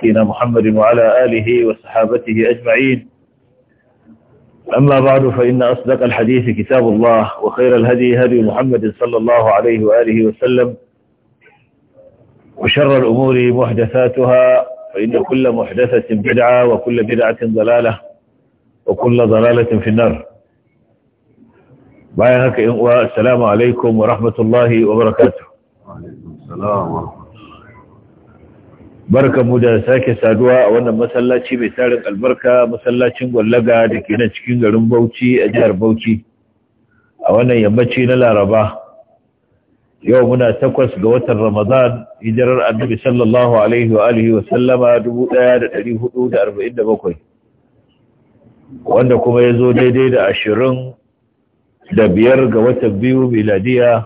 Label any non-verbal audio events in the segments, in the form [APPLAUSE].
سيدنا محمد وعلى آله وصحابته أجمعين أما بعد فإن أصدق الحديث كتاب الله وخير الهدي هدي محمد صلى الله عليه وآله وسلم وشر الأمور محدثاتها فإن كل محدثة بدعة وكل بدعة ضلالة وكل ضلالة في النار بايا السلام عليكم ورحمة الله وبركاته وعليكم السلام ورحمة الله barka mu da sake saduwa a wannan masallaci mai tarin albarka masallacin gwallaga da ke nan cikin garin bauchi a jihar bauchi a wannan yammaci na laraba yau muna takwas ga watan ramadan hijirar annabi sallallahu alaihi wa alihi wa sallama 1447 wanda kuma ya zo daidai da ashirin da biyar ga watan biyu miladiya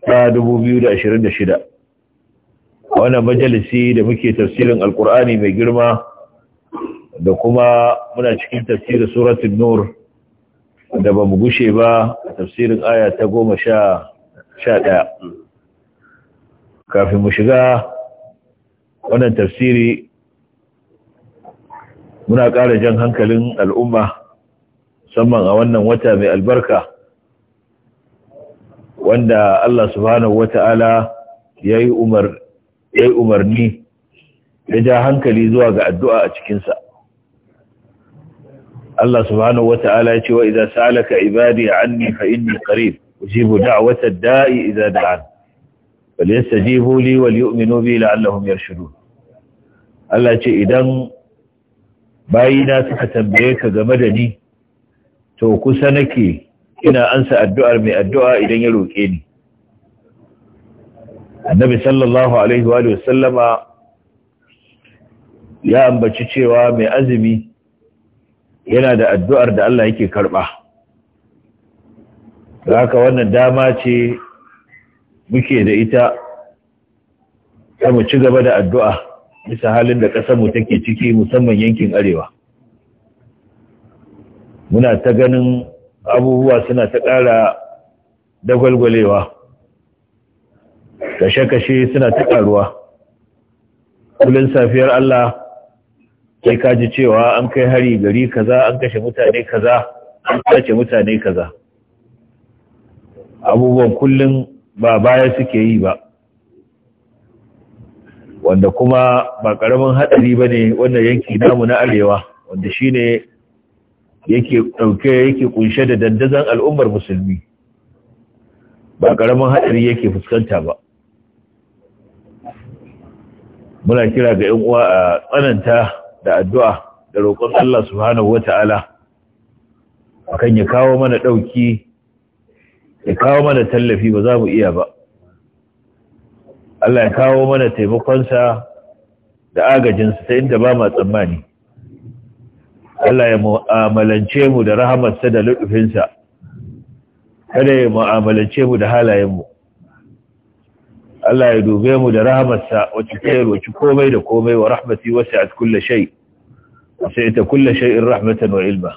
ta 2026 a wannan majalisi da muke tafsirin alkur'ani mai girma da kuma muna cikin tafsirin suratun nur da ba mu gushe ba a tafsirin aya ta goma sha ɗaya kafin mu shiga wannan tafsiri muna ƙara jan hankalin al'umma musamman a wannan wata mai albarka wanda Allah subhanahu wata'ala ya yi umar ya yi umarni ya ja hankali zuwa ga addu'a a cikinsa. Allah subhanahu wa ta'ala ya ce wa idan sa'alaka ibadi a anni fa inni qarib ujibu wata da'i idza da'an wal yastajibu li wal yu'minu bi la'allahum yarshudun Allah ce idan bayina suka tambaye ka game da ni to kusa nake ina ansa addu'ar mai addu'a idan ya roƙe ni annabi sallallahu alaihi wa sallama ya ambaci cewa mai azumi yana da addu'ar da Allah yake karɓa. haka wannan dama ce muke da ita ta mu ci gaba da addu'a bisa halin da mu take ciki musamman yankin arewa. Muna ta ganin abubuwa suna ta ƙara dagwalgwalewa. kashe-kashe suna ta ƙaruwa kullum safiyar Allah sai ka ji cewa an kai hari gari kaza an kashe mutane kaza an kace mutane kaza abubuwan kullum ba baya suke yi ba wanda kuma ba ƙaramin haɗari ba ne wannan yanki namu na arewa wanda shi ne yake ɗauke yake ƙunshe da dandazon al'ummar musulmi ba ƙaramin haɗari yake fuskanta ba muna kira ga ‘yan uwa a tsananta da addu'a da roƙon Allah subhanahu ta'ala kan ya kawo mana ɗauki ya kawo mana tallafi ba za mu iya ba Allah ya kawo mana taimakonsa da agajinsa ta inda ba ma tsammani Allah ya mu'amalance mu da rahamarsa da luɗufinsa kada ya mu'amalance mu da halayenmu Allah ya dube mu da rahamarsa wacce ta yarwaci komai da komai wa rahmati wasu a kulle shai, sai ta shai in rahmatan wa ilma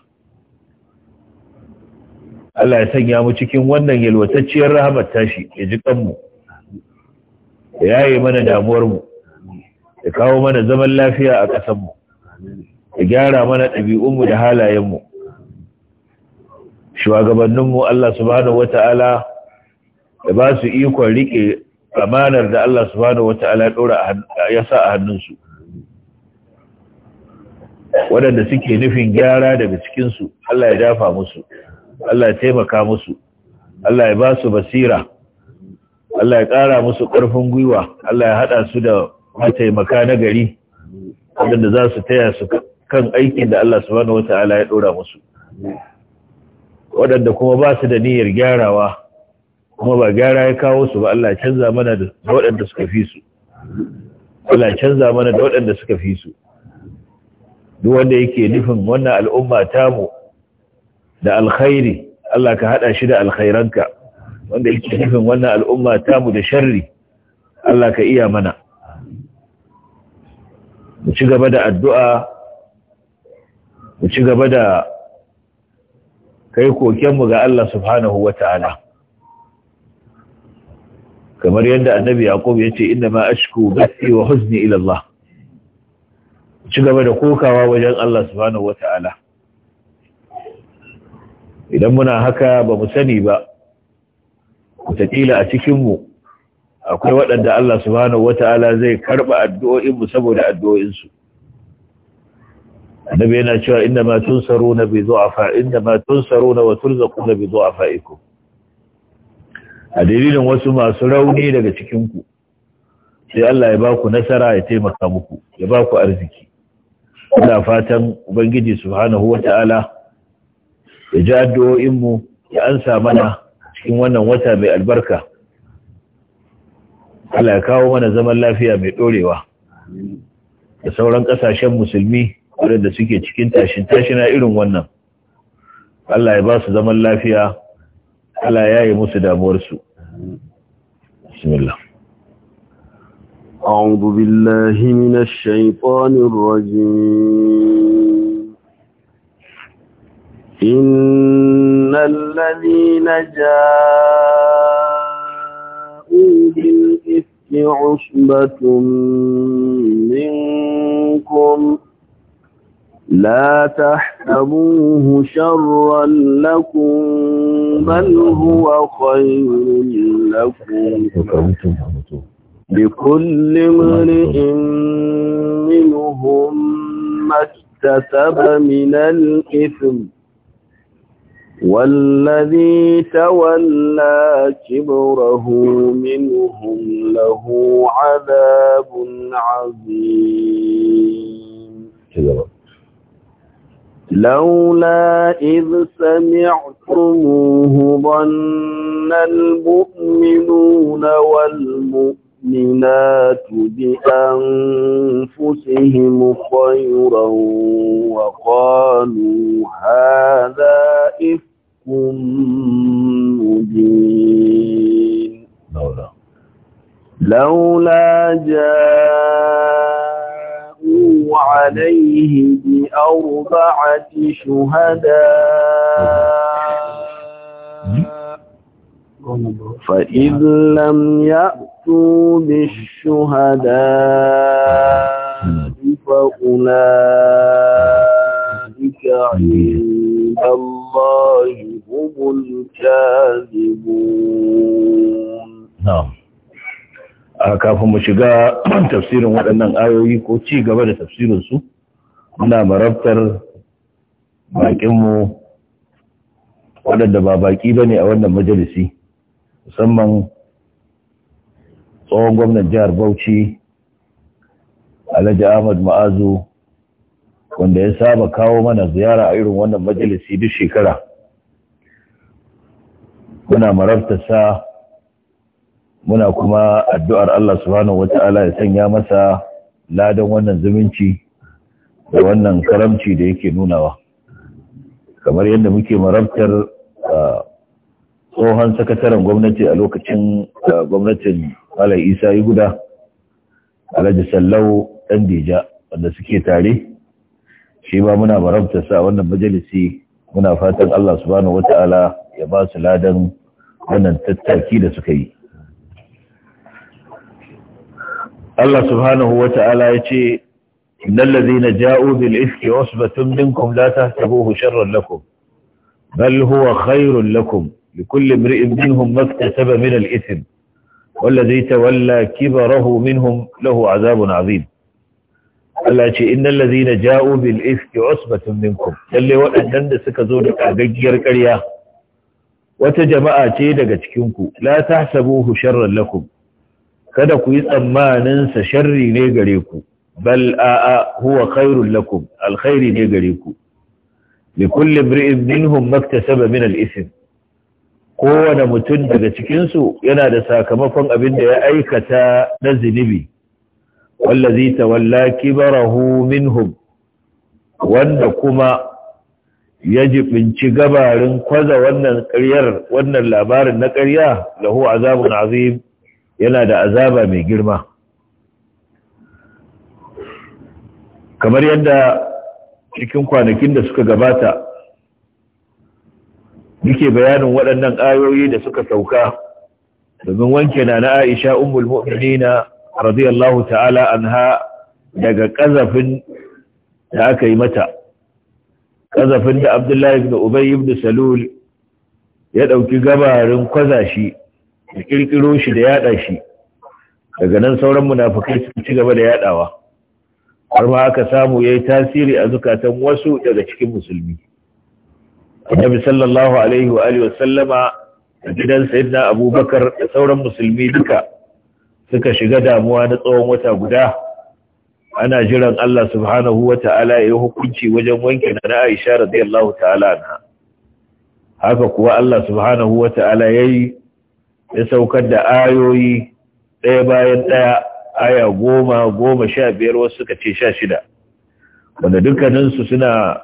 Allah ya sanya mu cikin wannan yalwatacciyar rahamar tashi ya ji kanmu ya yaye mana damuwar mu ya kawo mana zaman lafiya a ƙasar ya gyara mana ɗabi'unmu da halayen mu shugabanninmu Allah subhanahu wata'ala ya ba su ikon rike amanar da Allah subhanahu ya sa a hannunsu waɗanda suke nufin gyara daga cikinsu Allah ya dafa musu Allah ya taimaka musu Allah ya ba su basira Allah ya ƙara musu ƙarfin gwiwa Allah ya haɗa su da mataimaka na gari waɗanda za su taya su kan aikin da Allah subhanahu ta'ala ya ɗora musu waɗanda kuma ba su da niyyar gyarawa kuma ba gyara ya kawo su ba Allah canza mana da waɗanda suka fi su Allah canza mana da waɗanda suka fi su duk wanda yake nufin wannan al'umma mu da alkhairi Allah ka hada shi da alkhairanka wanda yake nufin wannan al'umma mu da sharri Allah ka iya mana mu ci gaba da addu'a mu ci gaba da kai kokenmu ga Allah subhanahu wata'ala kamar yadda annabi yaqub ya ce inna ma ashku bathi wa huzni ila Allah ci gaba da kokawa wajen Allah subhanahu wata'ala idan muna haka ba mu sani ba wataƙila a cikinmu akwai waɗanda Allah subhanahu wata'ala zai karɓa addu'o'inmu saboda addu'o'insu annabi yana cewa inda ma tunsaruna bi du'afa inda ma tunsaruna wa turzaquna bi du'afaikum a dalilin wasu masu rauni daga cikinku sai Allah ya ba ku nasara ya taimaka muku ya ba ku arziki ina fatan ubangiji subhanahu wata'ala ya ji addu'o'inmu ya ansa mana cikin wannan wata mai albarka Allah ya kawo mana zaman lafiya mai dorewa da sauran kasashen musulmi waɗanda suke cikin tashin tashina irin wannan Allah ya ba su zaman lafiya Allah ya yi musu damuwarsu. Bismillah. A'udhu billahi minash shaitanir rajim. Innal ladhina ja'u bil-ithmi 'usbatun minkum. لا تحسبوه شرا لكم بل هو خير لكم لكل امرئ منهم ما اكتسب من الإثم والذي تولى كبره منهم له عذاب عظيم لولا إذ سمعتموه ظن المؤمنون والمؤمنات بأنفسهم خيرا وقالوا هذا إفك مبين لولا جاء فَأْتُوا عَلَيْهِ بِأَرْبَعَةِ شُهَدَاءَ فَإِذْ لَمْ يَأْتُوا بِالشُّهَدَاءِ فَأُولَئِكَ عِندَ اللَّهِ هُمُ الْكَاذِبُونَ نعم kafin mu shiga [CLEARS THROAT] tafsirin waɗannan ayoyi ko ci gaba da su muna marabtar baƙinmu waɗanda ba baƙi ba ne a wannan majalisi musamman tsohon gwamnan jihar bauchi alhaji ahmad ma'azu wanda ya saba kawo mana ziyara a irin wannan majalisi duk shekara muna sa muna kuma addu'ar Allah subhanahu wa ta'ala ya sanya masa ladan wannan zumunci da wannan karamci da yake nunawa kamar yadda muke marabtar tsohon sakataren gwamnati a lokacin gwamnatin Malam Isa yi guda Alhaji Sallau ɗan Dija wanda suke tare shi ba muna marabtar sa wannan majalisi muna fatan Allah subhanahu wa ta'ala ya ba su ladan wannan tattaki da suka yi Allah subhanahu wa ta'ala ya ce lallazina ja'u bil ifki usbatun minkum la tahsabuhu sharran lakum bal huwa khairun lakum likulli imri'in minhum ma saba min al ta walla تولى كبره منهم lahu azabun عظيم Allah ce innal ladhina ja'u bil ifki usbatun binkum, lalle waɗannan da suka zo da kagaggiyar ƙarya wata jama'a ce daga cikin ku la tahsabuhu sharran lakum kada ku yi tsammanin sa sharri ne gare ku bal a'a huwa khairun lakum alkhairi ne gare ku li kulli imri'in minhum maktasaba min al kowane mutum daga cikin su yana da sakamakon abin da ya aikata na zinubi wallazi tawalla kibarahu minhum wanda kuma ya jibinci gabarin kwaza wannan ƙaryar wannan labarin na ƙarya lahu azabun azim yana da azaba mai girma kamar yadda cikin kwanakin da suka gabata muke bayanin waɗannan ayoyi da suka sauka domin wanke na na Aisha ummul mu'minina radiyallahu ta'ala anha daga ƙazafin da aka yi mata ƙazafin da Abdullahi ibn Ubay ibn Salul ya ɗauki gabarin kwazashi da kirkiro shi da yaɗa shi daga nan sauran munafukai su ci gaba da yaɗawa. har ma aka samu yi tasiri a zukatan wasu daga cikin musulmi annabi sallallahu alaihi wa alihi wasallama gidan sayyidina abubakar da sauran musulmi duka suka shiga damuwa na tsawon wata guda ana jiran Allah subhanahu wa ta'ala ya hukunci wajen wanke na Aisha radiyallahu ta'ala anha haka kuwa Allah subhanahu wa ta'ala yayi ya saukar da ayoyi ɗaya bayan ɗaya aya goma goma sha biyar wasu suka ce sha shida wanda dukkaninsu suna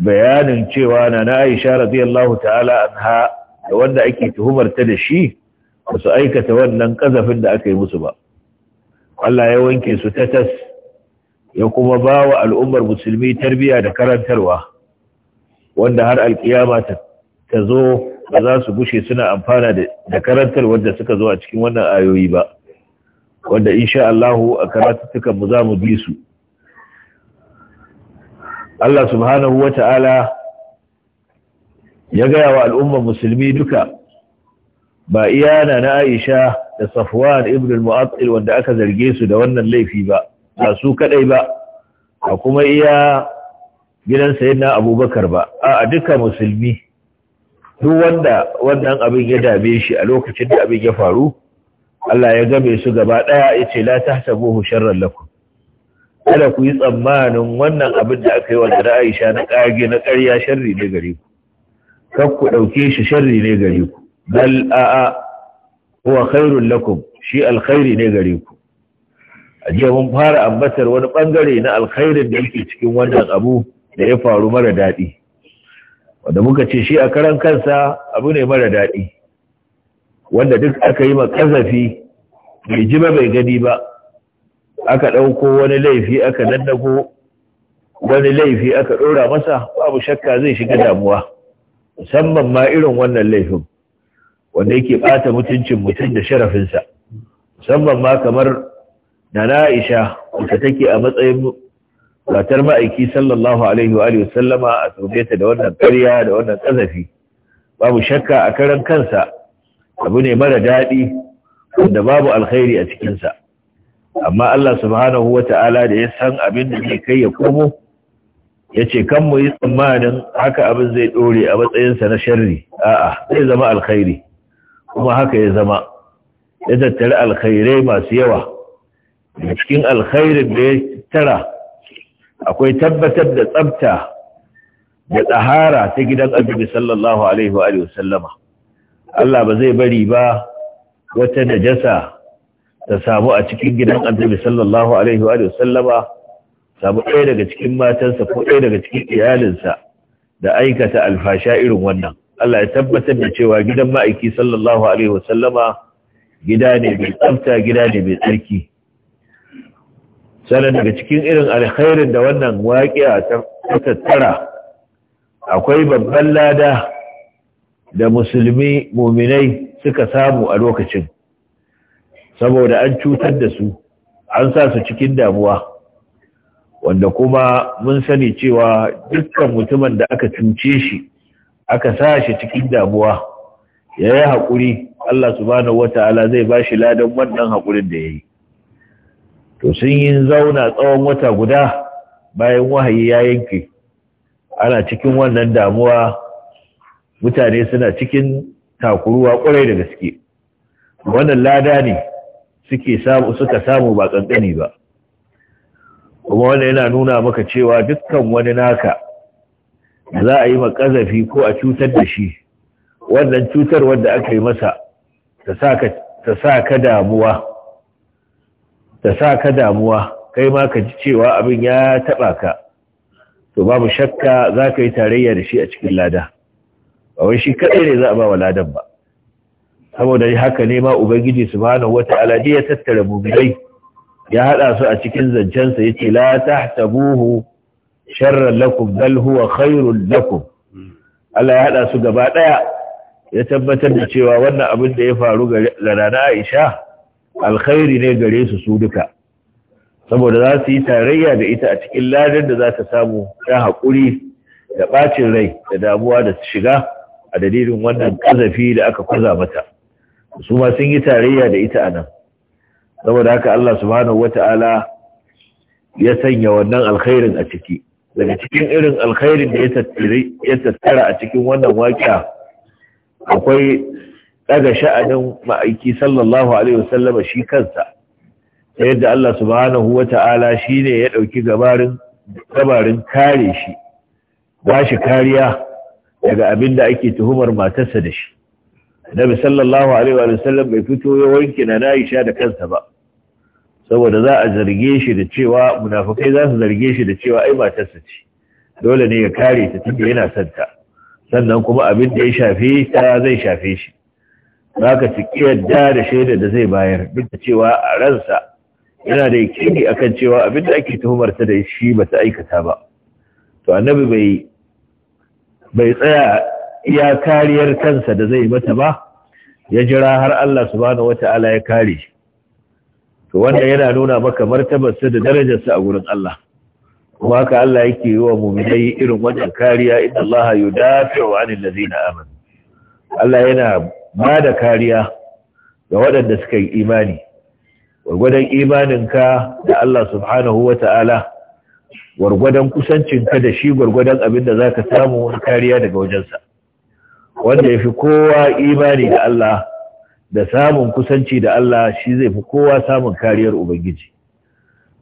bayanin cewa na na aisha radiyallahu ta'ala anha da wanda ake tuhumarta da shi ba su aikata wannan kazafin da aka yi musu ba Allah ya wanke su ta tas ya kuma ba wa al'ummar musulmi tarbiya da karantarwa wanda har alkiyama ta zo ba za su gushe suna amfana da karantar wanda suka zo a cikin wannan ayoyi ba wanda insha Allahu a karatuttukan mu za mu bi su Allah subhanahu wata'ala ya gaya wa al'ummar musulmi duka ba iyana na Aisha da Safwan ibn al-Mu'attil wanda aka zarge su da wannan laifi ba ba su kadai ba a kuma iya gidan sayyidina Abubakar ba a duka musulmi duk wanda wannan abin ya dame shi a lokacin da abin ya faru Allah ya game su gaba daya ce la tahsabuhu sharran lakum kada ku yi tsammanin wannan abin da aka yi wa Aisha na kage na ƙarya sharri ne gare ku kar ku dauke shi sharri ne gare ku bal a'a huwa khairul lakum shi alkhairi ne gare ku A ajiya mun fara ambatar wani bangare na alkhairin da yake cikin wannan abu da ya faru mara dadi wanda muka ce shi a karan kansa abu ne mara daɗi wanda duk aka yi makazafi bai ji ba bai gani ba aka ɗauko wani laifi aka dandago wani laifi aka ɗora masa babu shakka zai shiga damuwa musamman ma irin wannan laifin wanda yake ɓata mutuncin mutum da sharafinsa musamman ma kamar na na'isha wata take a matsayin matar ma'aiki sallallahu alaihi wa alihi sallama a tsoge ta da wannan ƙarya da wannan ƙazafi babu shakka a karan kansa abu ne mara daɗi wanda babu alkhairi a cikinsa amma Allah subhanahu wa ta'ala da ya san abin da ke kai ya komo ya ce kan mu yi tsammanin haka abin zai ɗore a matsayinsa na sharri a'a zai zama alkhairi kuma haka ya zama ya tattara alkhairai masu yawa cikin alkhairin da ya tara akwai tabbatar da tsabta da tsahara ta gidan annabi sallallahu alaihi wa sallama. Allah ba zai bari ba wata najasa ta samu a cikin gidan annabi sallallahu alaihi wa sallama samu ɗaya daga cikin matansa ko ɗaya daga cikin iyalinsa da aikata alfasha irin wannan Allah ya tabbatar da cewa gidan ma'aiki sallallahu alaihi wa sallama gida ne mai tsafta gida ne mai tsarki sannan daga cikin irin alkhairin da wannan waƙiya ta tattara akwai babban lada da musulmi muminai suka samu a lokacin saboda an cutar da su an sa su cikin damuwa wanda kuma mun sani cewa dukkan mutumin da aka cuce shi aka sa shi cikin damuwa ya yi haƙuri Allah subhanahu ta'ala zai ba shi ladan wannan haƙurin da ya yi to sun yi zauna tsawon wata guda bayan wahayi ya yanke ana cikin wannan damuwa mutane suna cikin takuruwa kwarai da gaske wannan lada ne suke samu suka samu ba kankani ba kuma wannan yana nuna maka cewa dukkan wani naka za a yi makazafi ko a cutar da shi wannan cutar wanda aka yi masa ta sa ka damuwa Da sa ka damuwa kai ma ka ji cewa abin ya taɓa ka to babu shakka za ka yi tarayya da shi a cikin lada ba wai shi kaɗai ne za a ba wa ladan ba saboda haka ne ma ubangiji subhanahu wata ji ya tattara mu'minai ya haɗa su a cikin zancen zancensa yace la tahtabuhu sharran lakum bal huwa khairul lakum Allah ya haɗa su gaba ɗaya ya tabbatar da cewa wannan abin da ya faru ga rana Aisha alkhairi ne gare su su duka saboda za su yi tarayya da ita a cikin ladan da za ta samu ta haƙuri da ɓacin rai da damuwa da shiga a dalilin wannan ƙazafi da aka kwaza mata su ma sun yi tarayya da ita a nan saboda haka Allah subhanahu wata'ala ya sanya wannan alkhairin a ciki daga cikin irin alkhairin da ya tattara a cikin wannan waƙiya akwai daga sha'anin ma'aiki sallallahu alaihi wasallama shi kansa ta yadda Allah subhanahu shi shine ya ɗauki gabarin kare shi ba shi kariya daga abin da ake tuhumar matarsa da shi Nabi sallallahu alaihi wasallam bai fito ya wanke na Aisha da kansa ba saboda za a zarge shi da cewa munafukai za su zarge shi da cewa ai matarsa ce dole ne ya kare ta tunda yana son ta sannan kuma abin da ya shafe ta zai shafe shi za ka ciki yadda da shaida da zai bayar duk da cewa a ransa yana da yakini akan cewa abin da ake tuhumar ta da shi ba ta aikata ba to annabi bai tsaya iya kariyar kansa da zai mata ba ya jira har Allah subhanahu wata'ala ya kare shi to wanda yana nuna maka martabarsa da darajarsa a gurin Allah kuma haka Allah yake yi wa mu'minai irin wannan kariya inna Allah yudafi'u 'anil ladina amanu Allah yana ba da kariya ga waɗanda suka yi imani wargwadon imaninka da Allah subhanahu wa ta'ala wargwadon kusancinka da shi gwargwadon abin da za ka samu wani kariya daga wajensa wanda ya fi kowa imani da Allah da samun kusanci da Allah shi zai fi kowa samun kariyar Ubangiji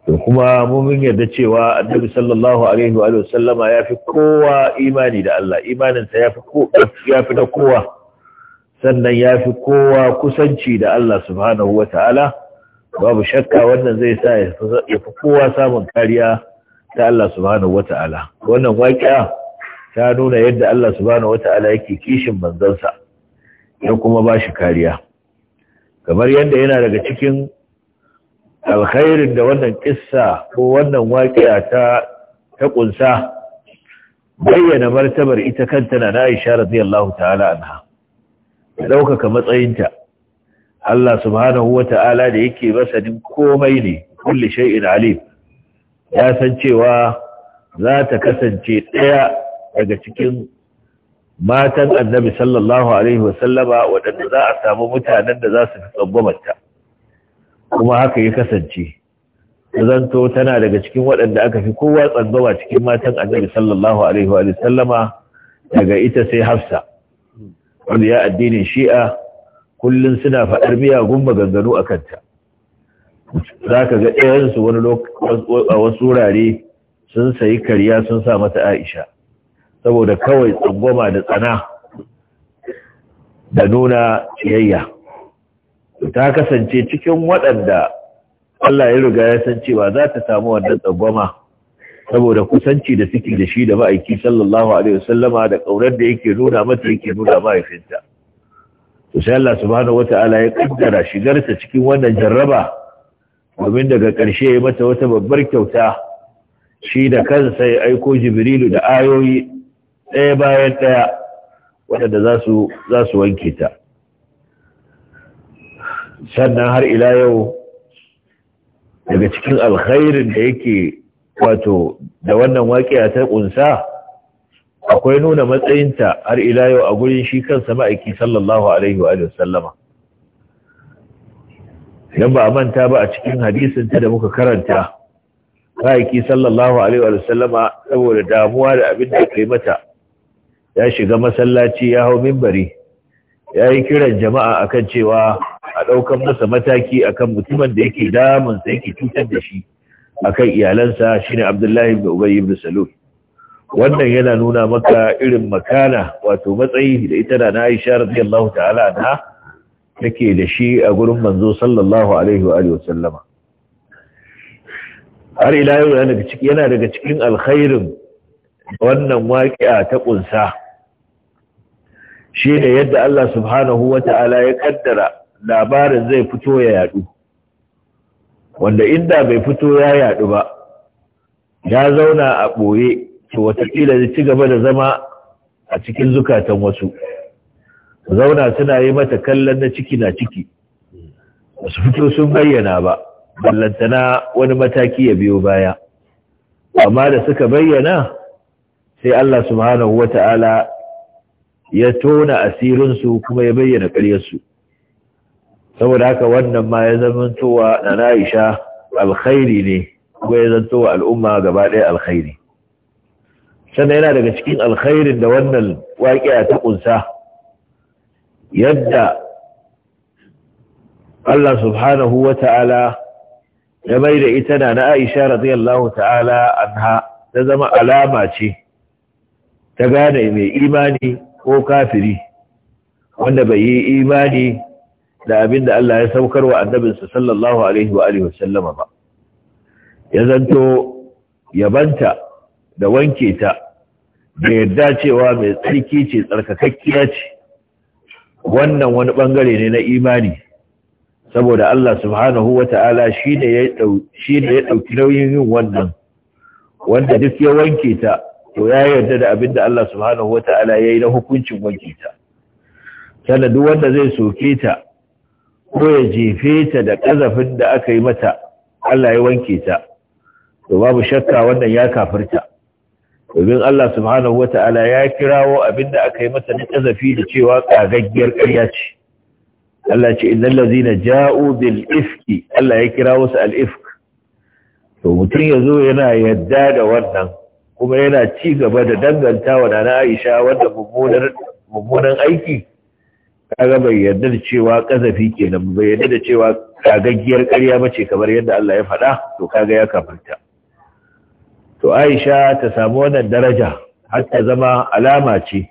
to kuma mumin yarda cewa annabi sallallahu alaihi wa sallama ya fi kowa imani da Allah imaninsa ya fi na kowa sannan ya fi kowa kusanci da Allah subhanahu wa ta'ala babu shakka wannan zai sa ya fi kowa samun kariya ta Allah subhanahu wa ta'ala wannan waƙiya ta nuna yadda Allah subhanahu wa ta'ala yake kishin banzansa ya kuma ba shi kariya kamar yadda yana daga cikin alkhairin da wannan ƙissa ko wannan waƙiya ta ta ƙunsa bayyana martabar ita kanta na Aisha radiyallahu ta'ala anha ɗaukaka matsayinta Allah subhanahu wa ta'ala da yake masanin komai ne kulli shay'in alim ya san cewa za ta kasance ɗaya daga cikin matan annabi sallallahu alaihi wasallama waɗanda za a samu mutanen da za su fi tsangwamarta kuma haka ya kasance zanto tana daga cikin waɗanda aka fi kowa tsangwama cikin matan annabi sallallahu alaihi wasallama daga ita sai hafsa ya addinin shi'a kullum suna faɗar miyagun maganganu a kanta za ka ga ɗayansu wani a wasu wurare sun sayi karya sun sa mata aisha saboda kawai tsangwama da tsana da nuna ciyayya ta kasance cikin waɗanda Allah ya riga ya san cewa za ta samu wannan tsangwama saboda kusanci da suke da shi da ma'aiki sallallahu alaihi sallama, da ƙaunar da yake nuna mata yake nuna mahaifinta to sai Allah subhanahu wata'ala ya kaddara shigarta cikin wannan jarraba domin daga ƙarshe ya mata wata babbar kyauta shi da kansa ya aiko jibrilu da ayoyi ɗaya bayan ɗaya waɗanda za su za su wanke ta sannan har ila yau daga cikin alkhairin da yake wato da wannan waƙiya ta ƙunsa akwai nuna matsayinta har ila yau a gurin shi kansa ma'aiki sallallahu alaihi wa sallama idan ba a manta ba a cikin hadisinta da muka karanta ma'aiki sallallahu alaihi wa sallama saboda damuwa da abin da kai mata ya shiga masallaci ya hau mimbari ya yi kiran jama'a akan cewa a ɗaukan masa mataki akan mutumin da yake damunsa yake cutar da shi akan iyalansa shine Abdullahi ibn Ubayy ibn Salul wannan yana nuna maka irin makana wato matsayi da ita da Aisha radiyallahu ta'ala anha take da shi a gurin manzo sallallahu alaihi wa alihi har ila yau yana daga cikin alkhairin wannan waƙi'a ta ƙunsa shi ne yadda Allah subhanahu wa ta'ala ya kaddara labarin zai fito ya yadu wanda inda bai fito ya yaɗu ba ya zauna a ɓoye to watakila zai ci gaba da zama a cikin zukatan wasu zauna suna yi mata kallon na ciki na ciki wasu fito sun bayyana ba ballantana wani mataki ya biyo baya amma da suka bayyana sai Allah subhanahu wata'ala ya tona asirinsu kuma ya bayyana ƙaryarsu saboda haka wannan ma ya zamantowa na na'isha alkhairi ne kuma ya zantowa al'umma gaba ɗaya alkhairi sannan yana daga cikin alkhairin da wannan waƙiya ta ƙunsa yadda Allah subhanahu wa ta'ala ya mai da ita na na'isha radiyallahu ta'ala anha ta zama alama ce ta gane mai imani ko kafiri wanda bai yi imani da abin da Allah ya saukar wa annabinsa sallallahu alaihi wa alihi wasallama ba ya zanto yabanta da wanke ta da yarda cewa mai tsarki ce tsarkakakkiya ce wannan wani bangare ne na imani saboda Allah subhanahu wata'ala shi ne ya ɗauki nauyin yin wannan wanda duk ya wanke ta to ya yarda da abin da Allah subhanahu wata'ala ya yi na hukuncin wanke ta sannan duk wanda zai soke ta ko ya jefe ta da ƙazafin da aka yi mata Allah ya wanke ta to babu shakka wannan ya kafirta domin Allah subhanahu wata'ala ya kirawo abin da aka yi mata na ƙazafi da cewa ƙagaggiyar ƙarya ce Allah ce idan na ja'u bil ifki Allah ya kirawo su al ifk to mutum ya zo yana yadda da wannan kuma yana ci gaba da dangantawa wa na Aisha wanda mummunan aiki kaga bai yarda da cewa kazafi kenan bai yarda da cewa kagaggiyar karya bace kamar yadda Allah ya faɗa to kaga ya kafirta to Aisha ta samu wannan daraja har ta zama alama ce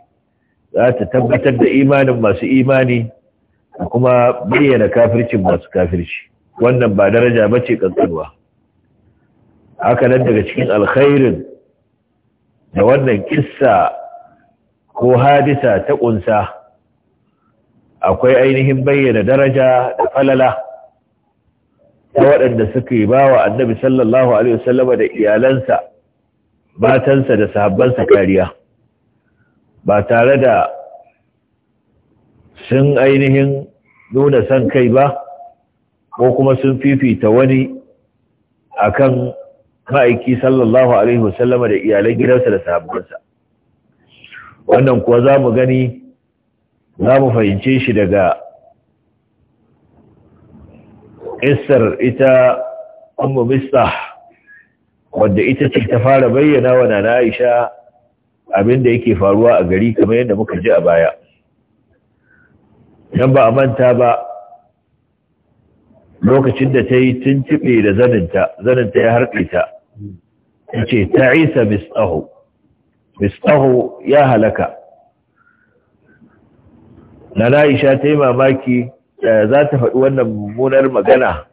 za ta tabbatar da imanin masu imani kuma bayyana kafircin masu kafirci wannan ba daraja bace kankanwa haka nan daga cikin alkhairin da wannan kissa ko hadisa ta ƙunsa. akwai ainihin bayyana daraja da falala ta waɗanda suka yi ba wa annabi sallallahu alaihi wasallama da iyalansa matansa da sahabbansa kariya ba tare da sun ainihin nuna son kai ba ko kuma sun fifita wani akan ma'aiki sallallahu alaihi wasallama da iyalan gidansa da sahabbansa wannan kuwa za mu gani za mu fahimce shi daga isar ita ummu mistah wadda ita ce ta fara bayyana wa Nana aisha abinda yake faruwa a gari kamar yadda muka ji a baya yan ba a manta ba lokacin da ta yi tuntube da zaninta zaninta ya harfe ta ta ce ta isa mistahu mistahu ya halaka na Aisha ta yi mamaki eh, za ta faɗi wannan mummunar magana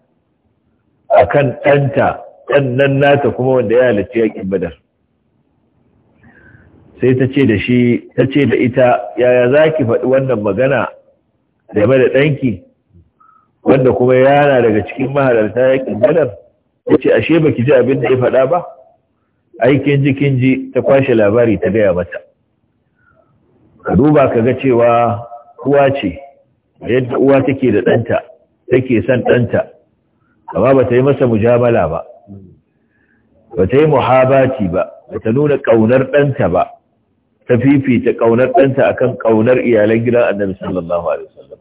a kan ɗanta ɗan nan nata kuma wanda ya halarci yaƙin badar sai ta ce da ita yaya za ki faɗi wannan magana da da ɗanki wanda kuma yana daga cikin mahalarta yaƙin badar ya ce ashe ba ki ji abin da ya faɗa ba aikin jikin ji ta kwashe labari ta gaya mata ka duba ka ga cewa uwa ce yadda uwa take da ɗanta take son ɗanta amma ba ta yi masa mujamala ba ba ta yi muhabati ba ba ta nuna ƙaunar ɗanta ba ta fifita ƙaunar ɗanta akan ƙaunar iyalan gidan annabi sallallahu alaihi wasallam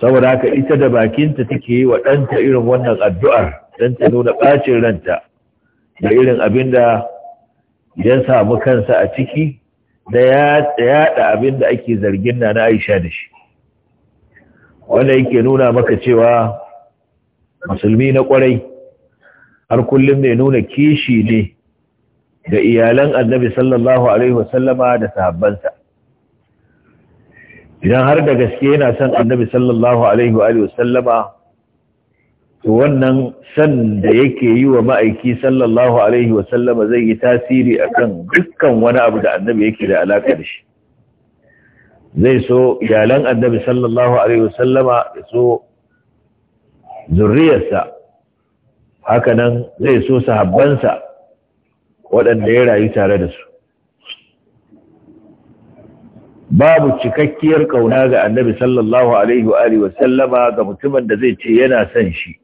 saboda haka ita da bakinta take yi wa ɗanta irin wannan addu'ar don ta nuna ɓacin ranta da irin abin da ya samu kansa a ciki da ya yada abin da ake zargin na na Aisha da shi wanda yake nuna maka cewa musulmi na kwarai har kullum mai nuna kishi ne ga iyalan annabi sallallahu alaihi wasallama da sahabbansa idan har da gaske yana son annabi sallallahu alaihi wa to wannan san da yake yi wa ma'aiki sallallahu alaihi wasallama zai yi tasiri akan dukkan wani abu da annabi yake da alaka da shi zai so iyalan annabi sallallahu alaihi wasallama da so zurriyarsa hakanan zai so sahabbansa waɗanda ya rayu tare da su babu cikakkiyar kauna ga annabi sallallahu alaihi wa alihi wasallama ga mutumin da zai ce yana son shi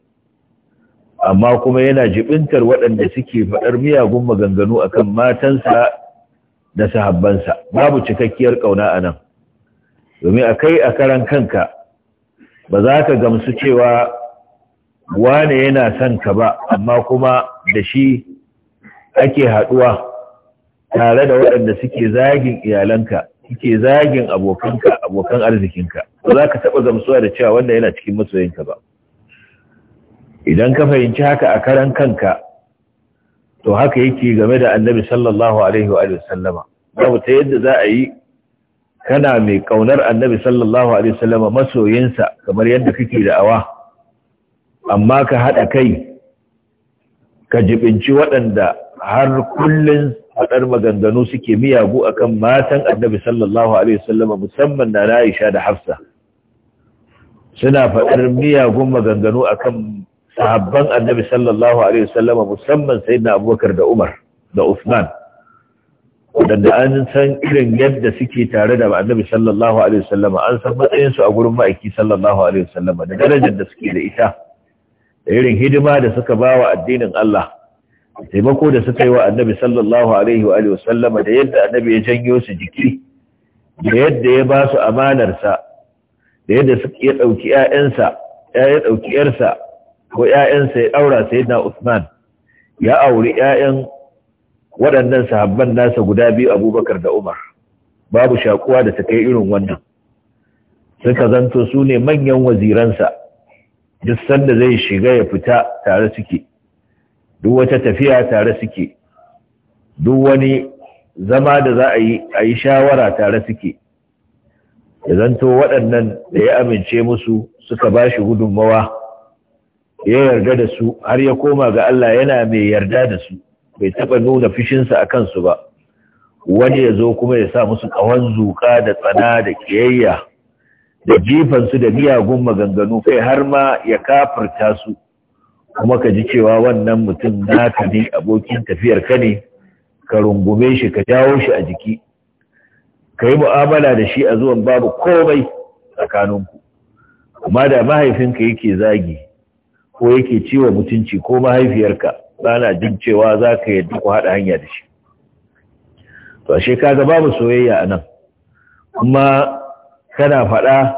amma kuma yana jibintar waɗanda suke faɗar miyagun maganganu akan matansa da sahabbansa babu cikakkiyar ƙauna a nan domin a kai a karan kanka ba za ka gamsu cewa wane yana son ka ba amma kuma da shi ake haɗuwa tare da waɗanda suke zagin iyalanka suke zagin abokanka abokan arzikinka ba za ka taɓa gamsuwa da cewa wanda yana cikin masoyinka ba idan ka fahimci haka a karan kanka to haka yake game da annabi sallallahu alaihi wa sallama babu ta yadda za a yi kana mai kaunar annabi sallallahu alaihi wa sallama masoyinsa kamar yadda kake da'awa amma ka haɗa kai ka jibinci waɗanda har kullun faɗar maganganu suke miyagu akan matan annabi sallallahu alaihi wa sallama musamman na Aisha da Hafsa suna faɗar miyagun maganganu akan sahabban annabi sallallahu alaihi wasallama musamman sai na abubakar da umar da usman wadanda an san irin yadda suke tare da annabi sallallahu alaihi wasallama an san matsayinsu a gurin ma'aiki sallallahu alaihi wasallama da darajar da suke da ita da irin hidima da suka ba wa addinin Allah taimako da suka yi wa annabi sallallahu alaihi wa wasallama da yadda annabi ya janyo su jiki da yadda ya ba su amanarsa da yadda ya ɗauki ƴaƴansa, ya ɗauki ƴarsa. ko ‘ya'yansa ya ɗaura sai na Usman ya auri ‘ya'yan waɗannan sahabban nasa guda biyu abubakar da Umar babu shakuwa da ta kai irin wannan suka zanto su ne manyan waziransa duk sanda zai shiga ya fita tare suke duk wata tafiya tare suke duk wani zama da za a yi shawara tare suke ya zanto waɗannan da ya amince musu suka ba shi gudunmawa ya yarda da su har ya koma ga Allah yana mai yarda da su bai taɓa nuna fishinsa a kansu ba wani ya zo kuma ya sa musu kawan zuka da tsana da kiyayya da jifansu da miyagun maganganu kai har ma ya kafarta su kuma ka ji cewa wannan mutum naka ne abokin tafiyar ka ne ka rungume shi ka jawo shi a jiki ka yi mu'amala da shi a zuwan babu komai tsakaninku amma da mahaifinka yake zagi ko yake ciwo mutunci ko mahaifiyarka ba na jin cewa za ka yadda ku haɗa hanya da shi to ashe ga babu soyayya a nan kuma kana faɗa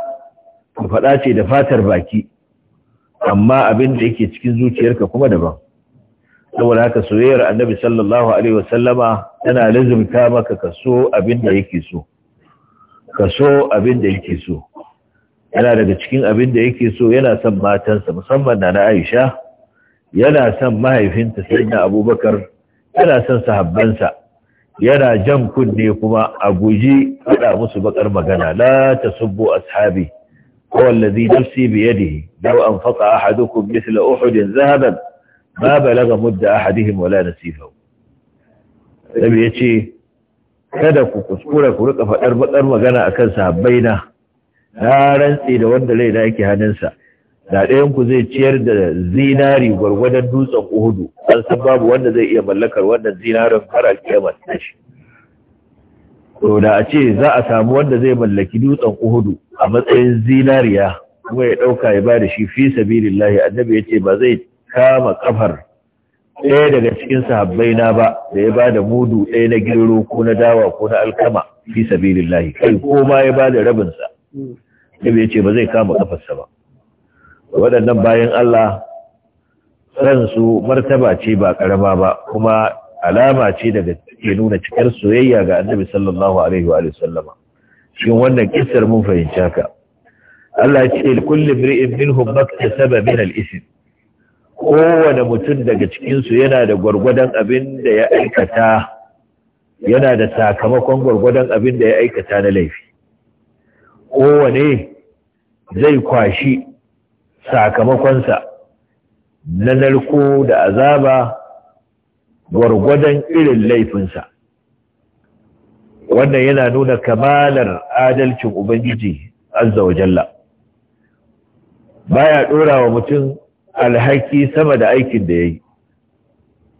ka faɗa ce da fatar baki amma abin da yake cikin zuciyarka kuma daban saboda haka soyayyar annabi sallallahu alaihi wasallama tana lazumta maka ka so abin da yake so ka so abin da yake so yana daga cikin abin da yake so yana son matansa musamman na na Aisha yana son mahaifinta sayyidina Abubakar yana son sahabbansa yana jan kunne kuma a guji faɗa musu bakar magana la tasubbu ashabi هو الذي نفسي بيده لو أنفق أحدكم مثل أحد ذهبا ما بلغ مد أحدهم ولا نسيفه لم يتي kada ku kuskura ku rika faɗar bakar magana akan sahabbaina na rantse da wanda rai da yake hannunsa da ɗayan ku zai ciyar da zinari gwargwadon dutsen uhudu an san babu wanda zai iya mallakar wannan zinarin har alkiyama ta shi to da a ce za a samu wanda zai mallaki dutsen uhudu a matsayin zinariya kuma ya ɗauka ya ba da shi fi sabilillahi annabi ya ce ba zai kama kafar ɗaya daga cikin sahabbai na ba da ya ba da mudu ɗaya na gero ko na dawa ko na alkama fi sabilillahi kai ko ma ya ba da rabinsa Nabi ya ce ba zai kama ƙafarsa ba. Waɗannan bayan Allah ransu martaba ce ba ƙarama ba kuma alama ce daga ke nuna cikar soyayya ga annabi sallallahu alaihi wa sallama. Cikin wannan kissar mun fahimta ka? Allah ce kullu mri'in minhum maktasaba min al-ism. Kowane mutum daga cikinsu yana da gwargwadon abin da ya aikata yana da sakamakon gwargwadon abin da ya aikata na laifi. kowane zai kwashi sakamakonsa na narko da azaba gwargwadon irin laifinsa wannan yana nuna kamalar adalcin ubangiji azza wa jalla baya dora wa mutum alhaki sama da aikin da ya yi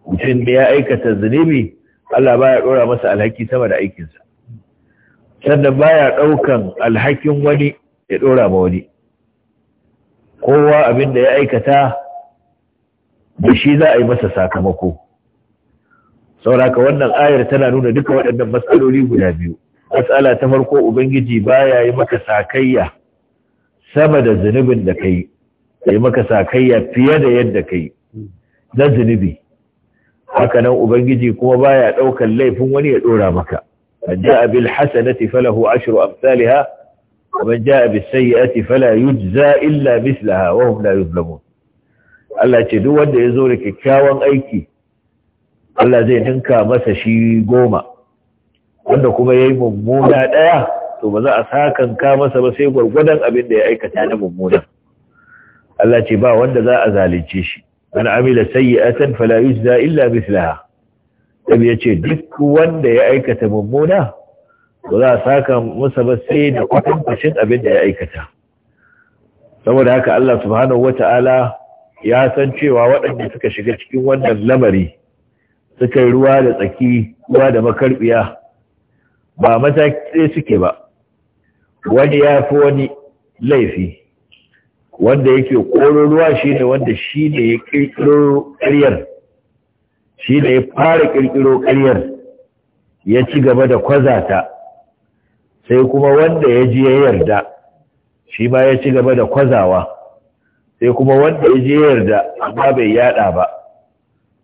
mutum da ya aikata zunubi Allah baya dora masa alhaki sama da aikinsa sannan baya ɗaukan alhakin wani ya ɗora ma wani kowa abin da ya aikata da shi za a yi masa sakamako sauraka wannan ayar tana nuna duka waɗannan matsaloli guda biyu matsala ta farko ubangiji baya yi maka sakayya sama da zunubin da kai yi maka sakayya fiye da yadda kai na zunubi hakanan ubangiji kuma baya ɗaukan laifin wani ya ɗora maka من جاء بالحسنة فله عشر أمثالها ومن جاء بالسيئة فلا يجزى إلا مثلها وهم لا يظلمون Allah ce duk wanda ya zo da kyakkyawan aiki Allah zai ninka masa shi goma wanda kuma ya yi mummuna ɗaya to ba za a sakanka masa ba sai gwargwadon abin da ya aikata na mummuna Allah ce ba wanda za a zalunce shi an amila sayyi'atan fala yujza illa mislaha Nabi ya ce duk wanda ya aikata mummuna ba za a saka masa ba sai da fashin abin da ya aikata. Saboda haka Allah subhanahu wa ta'ala ya san cewa waɗanda suka shiga cikin wannan lamari suka yi ruwa da tsaki ruwa da makarbiya ba mataki suke ba. Wani ya fi wani laifi wanda yake ƙoro ruwa shi ne wanda shi ne ya ƙirƙiro ƙaryar shi da ya fara ƙirƙiro ƙaryar ya ci gaba da ta sai kuma wanda ya ji ya yarda shi ma ya ci gaba da kwazawa sai kuma wanda ya ji ya yarda amma bai yada ba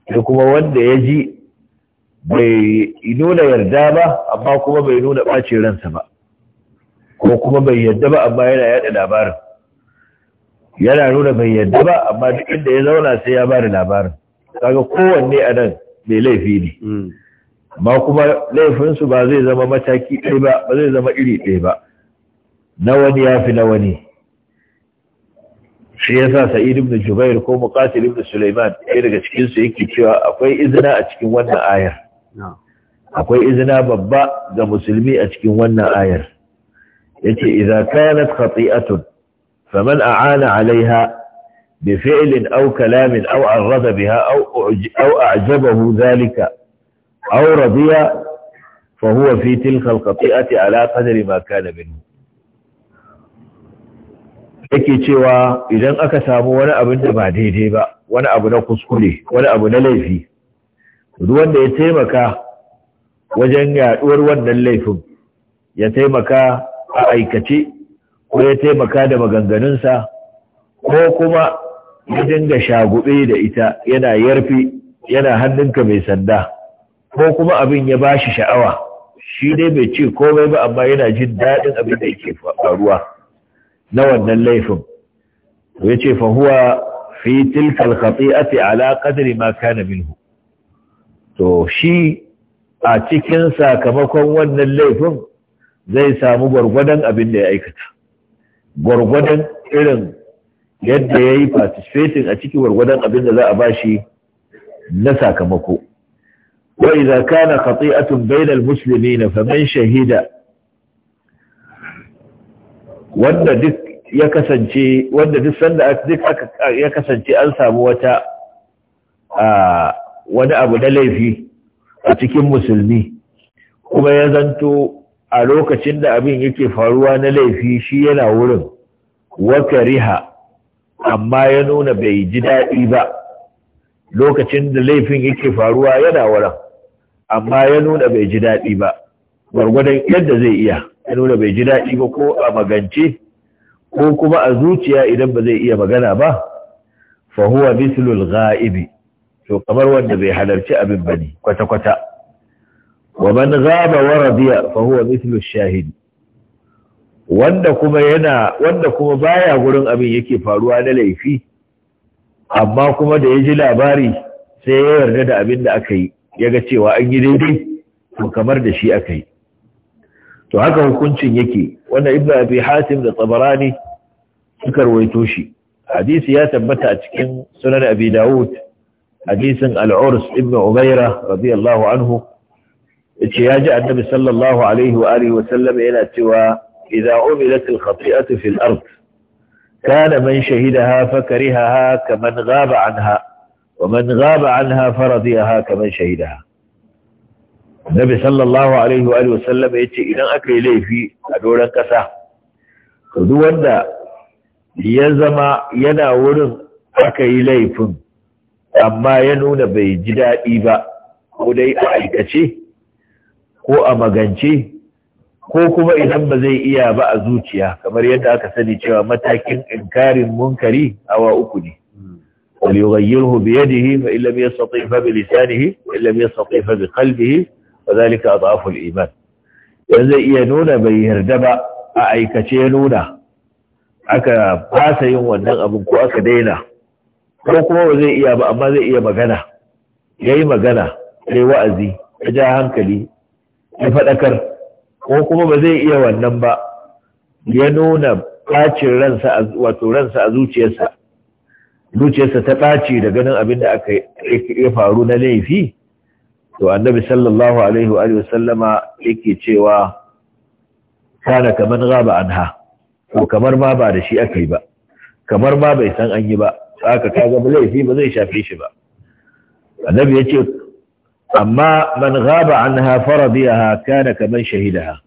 sai kuma wanda ya ji bai nuna yarda ba amma kuma bai nuna ɓacin ransa ba ko kuma bai yarda ba amma yana yada labarin yana nuna bai yarda ba amma duk inda ya zauna sai ya bari labarin kaga kowanne a nan mai laifi ne hmm. amma kuma laifinsu ba zai zama mataki ɗaya ba ba zai zama iri ɗaya ba na wani ya fi na wani shi ya sa sa'id ibn jubair ko muqatil ibn sulaiman ɗaya daga cikinsu yake cewa akwai izina a cikin wannan ayar akwai izina babba ga musulmi a cikin wannan ayar yace idza kanat khati'atun faman a'ana 'alayha بفعل أو كلام أو عرض بها أو, أو أعجبه ذلك أو رضي فهو في تلك القطيئة على قدر ما كان منه yake cewa idan aka samu wani abin da ba daidai ba wani abu na kuskure wani abu na laifi wanda ya taimaka wajen yaduwar wannan laifin ya taimaka a aikace ko ya taimaka da maganganunsa ko kuma ya dinga shagube da ita yana yarfi yana hannunka mai sanda ko kuma abin ya bashi sha'awa shi dai bai ce komai ba amma yana jin daɗin abin da yake faruwa na wannan laifin yace ce huwa fi tilkal khati'ati ala qadri ma kana minhu to shi a cikin sakamakon wannan laifin zai samu gurgudan abin da ya aikata gurgudan irin yadda ya yi participating a cikin wargwadon abin da za a ba shi na sakamako wa idza kana khati'atun bainal na faman shahida wanda duk ya kasance wanda duk sanda duk ya kasance an samu wata wani abu na laifi a cikin musulmi kuma ya zanto a lokacin da abin yake faruwa na laifi shi yana wurin wa kariha amma ya nuna bai ji daɗi ba lokacin da laifin yake faruwa yana wurin amma ya nuna bai ji daɗi ba gwargwadon yadda zai iya ya nuna bai ji daɗi ba ko a magance ko kuma a zuciya idan ba zai iya magana ba fa huwa mislul ghaibi to kamar wanda bai halarci abin bane kwata kwata wa man ghaba wa radiya fa huwa shahidi wanda kuma yana wanda kuma baya gurin abin yake faruwa na laifi amma kuma da ya ji labari sai ya yarda da abin da aka yi ya ga cewa an yi daidai to kamar da shi aka yi to haka hukuncin yake wanda ibnu abi hatim da tsabarani suka rawaito shi hadisi ya tabbata a cikin sunan abi dawud hadisin al-urs ibnu umaira radiyallahu anhu yace ya ji annabi sallallahu alaihi wa alihi wa sallam yana cewa إذا عملت الخطيئة في الأرض كان من شهدها فكرهها كمن غاب عنها ومن غاب عنها فرضيها كمن شهدها النبي صلى الله عليه وآله وسلم يتي إذا أكل ليفي أدولا كسا فذو أن يزم يناول أكل ليف أما ينون بيجدائي با ko dai a aikace ko a magance ko kuma idan ba zai iya ba a zuciya kamar yadda aka sani cewa matakin inkarin munkari awa uku ne wal yughayyirhu bi yadihi fa bi yastati fa bi lisanihi wa bi yastati fa bi qalbihi wa dhalika adhafu al iman yanzu zai iya nuna bai yarda ba a aikace nuna aka fasa yin wannan abin ko aka daina ko kuma ba zai iya ba amma zai iya magana yayi magana sai wa'azi ya ja hankali ya faɗakar ko kuma ba zai iya wannan ba ya nuna ɓacin ransa wato ransa a zuciyarsa zuciyarsa ta ɓaci da ganin abin da aka ya faru na laifi to annabi sallallahu alaihi wa sallama yake cewa kana kamar gaba anha ko kamar ma ba da shi aka yi ba kamar ma bai san an yi ba aka kaga laifi ba zai shafe shi ba annabi ya ce amma man gaba an hafara biya kana kamar shahidaha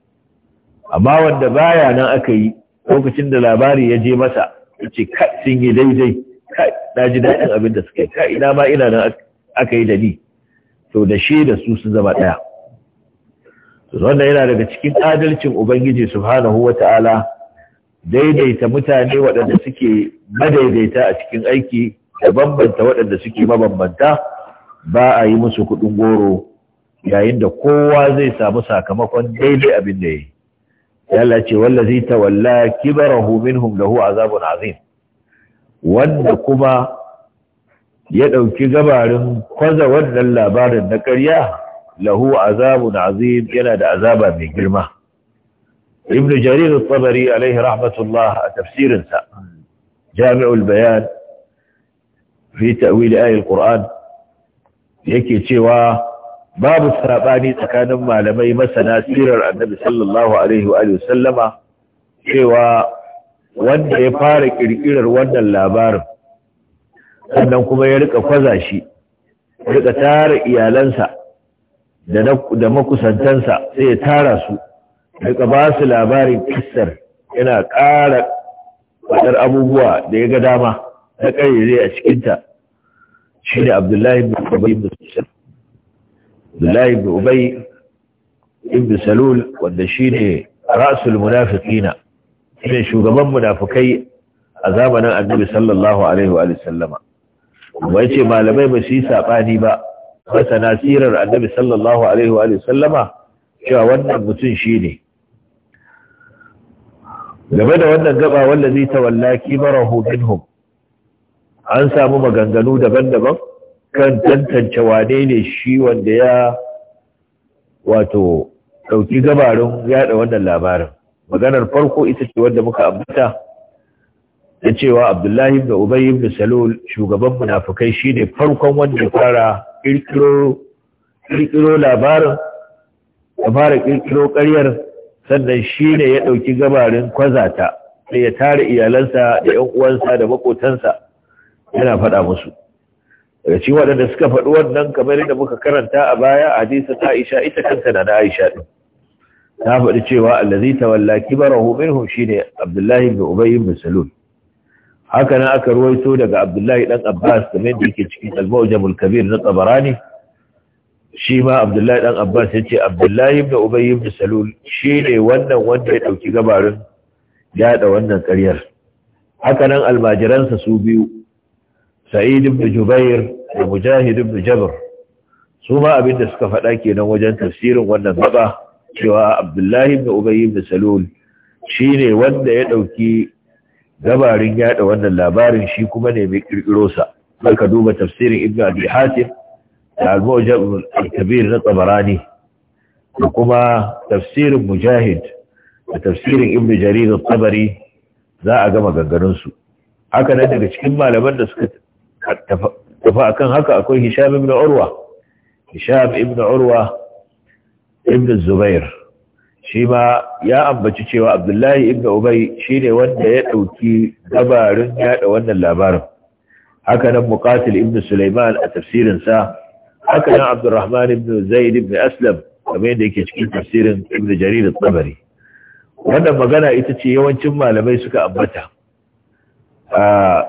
amma wanda baya nan aka yi lokacin da labari ya je masa ce kai sun yi daidai kai na ji daɗin abin da suka yi ina ma ina nan aka yi da ni to da shi da su sun zama ɗaya wannan yana daga cikin adalcin ubangiji subhanahu wata'ala daidaita mutane waɗanda suke madaidaita a cikin aiki da bambanta waɗanda suke mabambanta ba a yi musu kuɗin goro yayin da kowa zai samu sakamakon daidai abin da ya yi yalla ce wallazi tawalla kibarahu minhum lahu azabun azim wanda kuma ya dauki gabarin kwaza wannan labarin na ƙarya lahu azabun azim yana da azaba mai girma ibnu jarir at-tabari alaihi rahmatullah a tafsirin sa jami'ul bayan fi ta'wil ayat al-qur'an yake cewa babu saɓani tsakanin malamai masana sirar annabi sallallahu alaihi wa sallama cewa wanda ya fara ƙirƙirar wannan labarin sannan kuma ya rika kwaza shi rika tara iyalansa da makusantansa sai ya tara su rika ba su labarin kissar yana ƙara faɗar abubuwa da ya ga dama na zai a cikinta shi ne abdullahi ibn salul wanda shi ne rasul munafiqina shi shugaban munafukai a zamanin annabi sallallahu alaihi wa sallama kuma yace malamai ba su yi sabani ba masana sirar annabi sallallahu alaihi wa wannan mutum shi ne game da wannan gaba wallazi tawalla kibarahu minhum an samu maganganu daban-daban kan tantance wane ne shi wanda ya wato ɗauki gabarin yada wannan labarin maganar farko ita ce wanda muka ambata da cewa abdullahi da ubayi da salul shugaban munafukai shine farkon wanda ya fara kirkiro labarin ya fara ƙirƙiro ƙaryar, sannan shine ya ɗauki gabarin kwazata da ya tara iyalansa da ‘yan uwansa da makotansa yana faɗa musu daga ci waɗanda suka faɗi wannan kamar yadda muka karanta a baya a hadisin Aisha ita kanta na Aisha din ta faɗi cewa allazi tawalla kibarahu minhum shine Abdullahi ibn Ubay ibn Salul haka nan aka ruwaito daga Abdullahi dan Abbas kamar da yake cikin Al-Mu'jamul Kabir na Tabarani shi ma Abdullahi dan Abbas yace Abdullahi ibn Ubay ibn Salul shine wannan wanda ya dauki gabarin ya da wannan ƙaryar haka nan almajiransa su biyu sa'id ibn jubair da mujahid ibn jabr su ma abinda suka faɗa kenan wajen tafsirin wannan gaba cewa abdullahi ibn ubayy ibn salul shine wanda ya dauki gabarin yada wannan labarin shi kuma ne mai kirkiro sa ka duba tafsirin ibn abi hatim da al-mu'jam al-kabir na tabarani da kuma tafsirin mujahid da tafsirin ibn jarir al-tabari za a gama ganganun su haka nan daga cikin malaman da suka tafi akan haka akwai hisham ibn urwa hisham ibn urwa ibn zubair shi ma ya ambaci cewa abdullahi ibn shi shine wanda ya ɗauki dabarin yada wannan labarin haka nan muqatil ibn sulaiman a tafsirin sa haka nan abdurrahman ibn zaid ibn aslam kamar yadda yake cikin tafsirin ibn jarir at-tabari wannan magana ita ce yawancin malamai suka ambata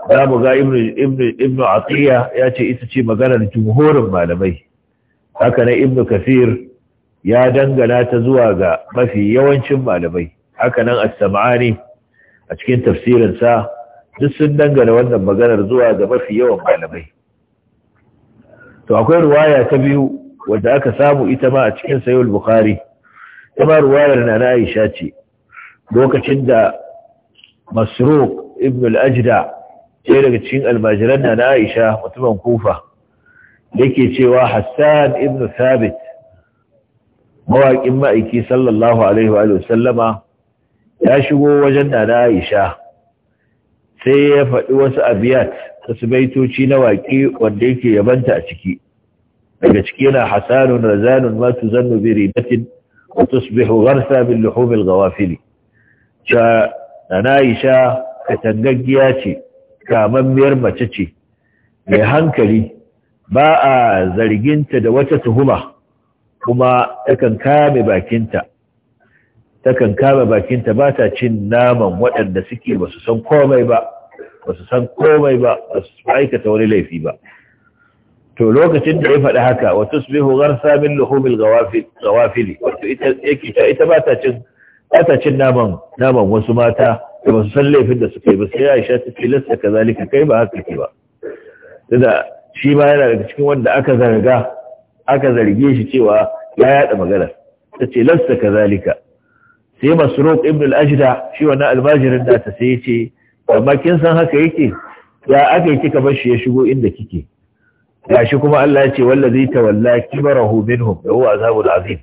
za mu ga ibnu atiya ya ce ita ce maganar jumhurin malamai haka na ibnu kafir ya dangana ta zuwa ga mafi yawancin malamai haka nan as-sam'ani a cikin tafsirinsa duk sun dangana wannan maganar zuwa ga mafi yawan malamai to akwai ruwaya ta biyu wadda aka samu ita ma a cikin sayo bukhari Kuma ma ruwayar na Aisha ce lokacin da masruq ibn al-ajda ɗaya daga cikin almajiran na Aisha mutumin Kufa yake cewa Hassan ibn Thabit mawaƙin ma'aiki sallallahu alaihi wa sallama ya shigo wajen na Aisha sai ya faɗi wasu abiyat wasu baitoci na waƙi wanda yake yabanta a ciki daga ciki yana Hassanun razanun masu tuzannu bi ribatin wa tusbihu gharsa bil luhum al na Aisha katangaggiya ce kamammiyar mace ce mai hankali ba a zarginta da wata tuhuma kuma takan kame bakinta takan kame bakinta ba ta cin naman waɗanda suke ba su san komai ba ba su san komai ba ba su aikata wani laifi ba to lokacin da ya faɗi haka wata su bihu garsa min luhumil gawafili wato ita ba ta cin naman wasu mata da ba su san laifin da suka yi ba sai aisha ta ce lissa ka kai ba haka ke ba da shi ma yana daga cikin wanda aka zarga aka zarge shi cewa ya yada magana ta ce lasta ka zalika sai roƙ ibn al-ajda shi wannan almajirin da ta sai ce? amma kin san haka yake ya aka yi kika bar shi ya shigo inda kike Ya shi kuma Allah ya ce wallazi tawalla kibarahu minhum da huwa azabul azim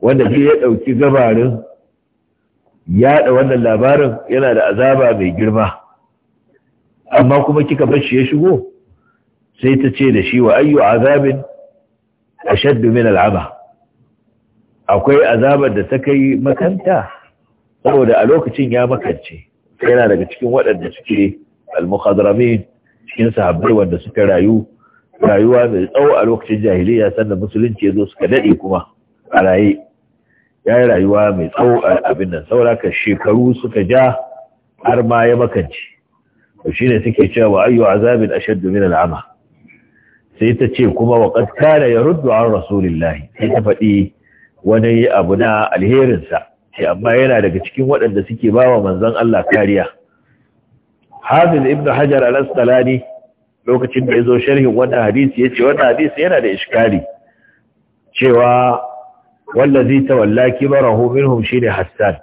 wanda shi ya dauki gabarin yaɗa wannan labarin yana da azaba mai girma amma kuma kika bar shi ya shigo sai ta ce da shi wa ayyu azabin ashaddu min al'ama akwai azabar da ta kai makanta saboda a lokacin ya makance yana daga cikin waɗanda suke al-mukhadramin cikin sahabbai wanda suka rayu rayuwa mai tsawo a lokacin jahiliya sannan musulunci ya zo suka daɗe kuma a raye ya yi rayuwa mai tsawo a abin nan sauraka shekaru suka ja har ma ya makanci shi ne suke cewa wa ayyu azabin ashaddu min al'ama sai ta ce kuma wa qad kana yaruddu an rasulillahi sai ta fadi wani abu na alherinsa sai amma yana daga cikin waɗanda suke bawa manzon Allah kariya Hafiz ibn Hajar al-Asqalani lokacin da yazo sharhin wannan hadisi yace wannan hadisi yana da iskari cewa wallazi tawalla kibarahu minhum shine hassan